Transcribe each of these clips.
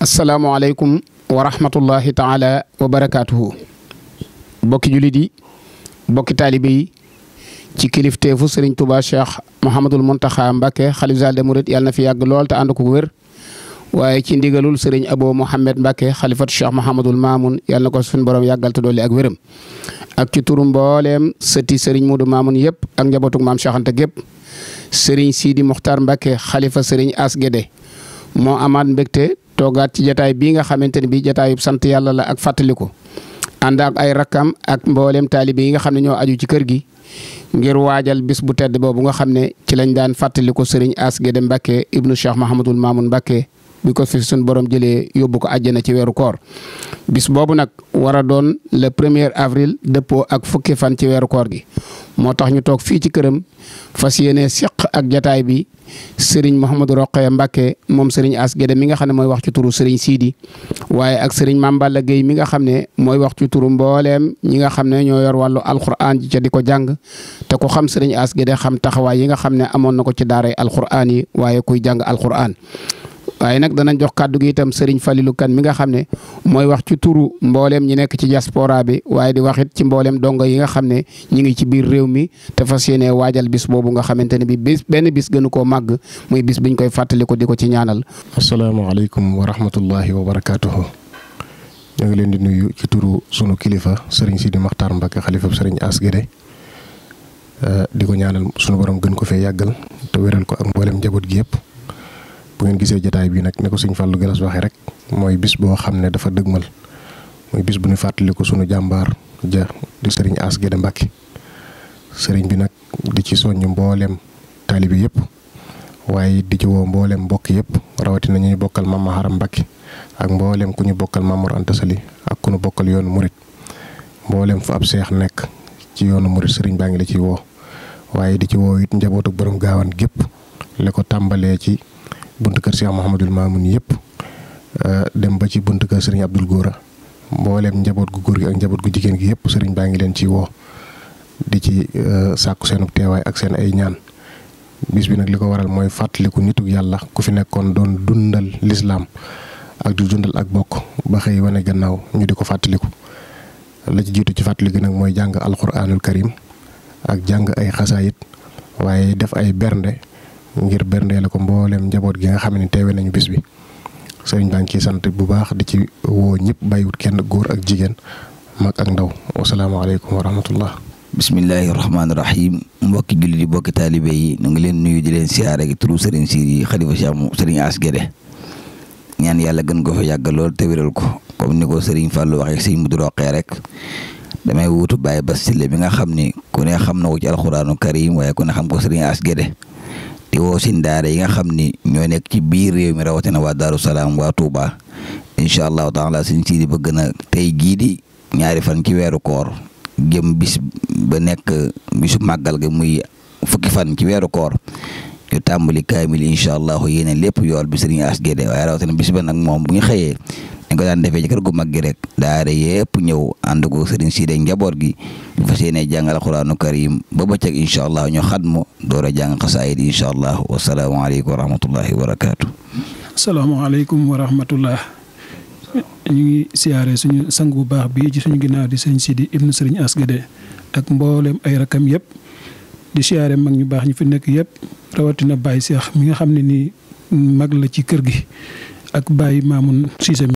asalaamualeykum wa rahmatullahi taala wa bokki jullit bokki taalibe ci kilifteefu sëriñ Touba Cheikh Mouhamadul Mountakha Mbacké xalif zaal fi yàgg lool te ci ndigalul sëriñ Abo Mouhamed Mbacké xalifatu Cheikh Mouhamadul Mamoun yàlla na ko suñu borom yàggal te ak wéram ak ci turu mbooleem sëti sëriñ Moudou Mamoun yëpp ak njabootug maam Cheikh gépp sëriñ Sidi Mokhtar Mbacké xalifa sëriñ As moo amaat mbégte toogaat ci jataay bii nga xamante ne bii jataayub sant yàlla la ak fàttaliku ànd ak ay rakkam ak mboolem taalibe yi nga xam ne ñoo aju ci kër gi ngir waajal bis bu tedd boobu nga xam ne ci lañ daan fàttaliku Serigne Ass Guédé Mbacke ibnu Cheikh Mahamadul Mamoun Mbacke bi ko fi sun borom jëlee yóbbu ko àjjana ci weeru koor bis boobu nag war a doon le première avril dëppoo ak fukki fan ci weeru koor gi moo tax ñu toog fii ci këram fas yéene seq ak jataay bi sëriñ Mouhamadou Rokhaya Mbacké moom sëriñ As Guédé mi nga xam ne mooy wax ci turu sëriñ Sidi waaye ak sëriñ Mame Balla Guèye mi nga xam ne mooy wax ci turu mbooleem ñi nga xam ne ñoo yor wàllu alxuraan ji ca di ko jàng te ko xam sëriñ As Guédé xam taxawaay yi nga xam ne amoon na ko ci daaray alxuraan yi waaye kuy jàng alxuraan waaye nag danañ jox kàddu gi itam Serigne Falilou Kane mi nga xam ne mooy wax ci turu mbooleem ñi nekk ci diaspora bi waaye di wax it ci mbooleem dongo yi nga xam ne ñi ngi ci biir réew mi te fas yéene waajal bis boobu nga xamante ne bi bis benn bis gënu koo màgg muy bis biñ koy fàttaliku di ko ci ñaanal. asalaamaaleykum wa rahmatullahi wa barakaatuhu. ñu ngi leen di nuyu ci turu sunu kilifa Serigne di Makhtar Mbacke xalifa Serigne As Guédé di ko ñaanal sunu gën ko fee yàggal te wéral ko ak mboolem njaboot gi yëpp. bu ngeen gisee jataay bii nag ne ko sëñ Fallou Gallas waxee rek mooy bis boo xam ne dafa dëgmal mooy bis bu ñu fàttali ko sunu jàmbaar ja di sëriñ As Gédé Mbacke sëriñ bi nag di ci soññ mbooleem taalibe yëpp waaye di ci woo mbooleem mbokk yëpp rawatina ñu bokkal Mame Maharam Mbacke ak mbooleem ku ñu bokkal Mame Mor Anta Sali ak ku bokkal yoonu murit mbooleem fa ab nekk ci yoonu murit sëriñ baa ngi la ciy woo waaye di ci woo it njabootu boroom gaawan gépp la ko tàmbalee ci. buntu kër Cheikh Mouhamadul Mamoun yëpp euh, dem ba ci buntu kër sëriñ Abdul Góora mbooleem njaboot gu góor gi ak njaboot gu jigéen gi yëpp sëriñ baa ngi leen ci woo di ci euh, sàkku seenub teewaay ak seen ay ñaan bis bi nag li ko waral mooy fàttaliku nituk yàlla ku fi nekkoon doon dundal lislaam ak di dundal ak bokk ba xëy wane gannaaw ñu di ko fàttaliku la ci jiitu ci fàttaliku nag mooy jàng alxuraanul karim ak jàng ay xasaayit waaye def ay bernde ngir berndeele ko mbooleem njaboot gi nga xam ne teewe nañu bis bi sëriñ baa ngi ciy sant bu baax di ci woo ñëpp bàyyiwut kenn góor ak jigéen mag ak ndaw wasalaamaaleykum wa rahmatullah bismillahi rahmaani rahim mbokki jullit yi mbokki taalibe yi ñu ngi leen nuyu di leen siyaare gi turu sëriñ siir yi xalifa Cheikh sëriñ As Guédé ñaan yàlla gën ko fa yàgg lool te wéral ko comme ni ko sëriñ Fallou waxee sëriñ Mudu Roqee rek damay wuutu Baye Bass Sylla bi nga xam ni ku ne xam na ko ci alxuraanu karim waaye ku ne xam ko sëriñ As Guédé di woo seen yi nga xam ni ñoo nekk ci biir réew mi rawatina waa Daaru Salaam waa Touba incha allahu taala sëñ Sidi bëgg na tey jii di ñaari fan ki weeru koor jëm bis ba nekk bisu màggal gi muy fukki fan ki weeru koor ñu tàmbali kaamil incha allahu yéene lépp yool bi sëriñ As Gédé waaye rawatina bis ba nag moom bu ñu xëyee. dañ ko daan defee ci kër gu mag gi rek daara yëpp ñëw ànd ko sëriñ si de njaboot gi bu fas yéenee jàngal alxuraanu karim ba bëccëg incha allah ñu xatmu door a jàng xasaayid incha allah wasalaamaaleykum wa rahmatullahi wa barakaatu. asalaamaaleykum wa rahmatullah ñu ngi siyaare suñu sang bu baax bi ci suñu ginnaaw di sëriñ Sidi ibnu sëriñ Asgade ak mboolem ay rakam yëpp di siyaare mag ñu baax ñu fi nekk yëpp rawatina Baye Cheikh mi nga xam ne nii mag la ci kër gi ak Baye Mamoun Cissé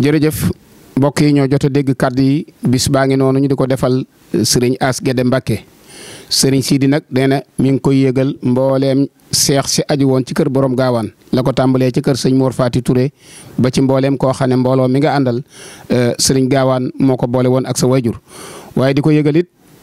jërëjëf mbokk yi ñoo jot a dégg kàddu yi bis baa ngi noonu ñu di ko defal sëriñ As Guédé Mbacke sëriñ Sidi nag nee na mi ngi koy yëgal mbooleem seex si aju woon ci kër borom gaawaan la ko tàmbalee ci kër sëñ moor faati ture ba ci mbooleem koo xam mbooloo mi nga àndal euh, sëriñ gaawaan moo ko boole woon ak sa wayjur waaye di ko yëgal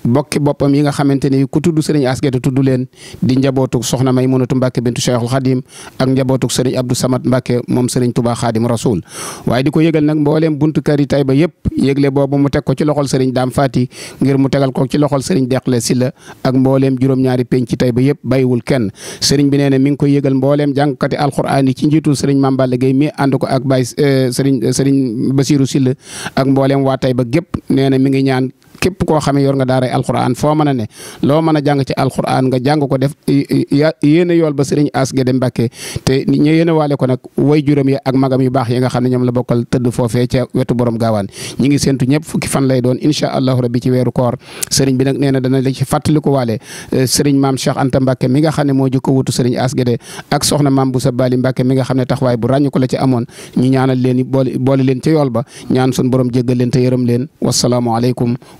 bokki boppam yi nga xamante ni ku tudd sëriñ Asgetu tudd leen di njabootuk soxna may mënatu Mbàkke bintu Cheikhul Xadim ak njabootuk sëriñ Abdou Samad Mbàkke moom sëriñ Touba Xadim Rasul waaye di ko yëgal nag mbooleem buntu kër yi ba yëpp yëgle boobu mu teg ko ci loxol sëriñ Daam Faati ngir mu tegal ko ci loxol sëriñ Deqle Silla ak mbooleem juróom-ñaari penc ci Tayba yëpp bàyyiwul kenn sëriñ bi nee na mi ngi koy yëgal mbooleem jàngkati alxuraan yi ci njiitul sëriñ Mamballa Gueye mi ànd ko ak Baye eh, sëriñ sëriñ Basiru Silla ak mbooleem waa Tayba gépp nee na mi ngi ñaan képp koo xamee yor nga daaray alxuraan foo mën a ne loo mën a jàng ci alxuraan nga jàng ko def yéen a yool ba sëriñ As Guédé Mbacke te ñu yéen waale ko nag way juróom yi ak magam yu baax yi nga xam ne ñoom la bokkal tëdd foofee ca wetu borom gaawaan ñi ngi séntu ñëpp fukki fan lay doon incha allahu rabbi ci weeru koor sëriñ bi nag nee na dana la ci fàttali ko waale eh, sëriñ maam Cheikh Anta Mbacke mi nga xam ne moo jëkk wutu sëriñ As Guédé ak soxna maam Boussa Bali Mbacke mi nga xam ne tax waay bu ràññ la ci amoon ñu ñaanal leen boole leen ca ba ñaan sun borom jéggal leen te yërëm leen wasalaamaaleykum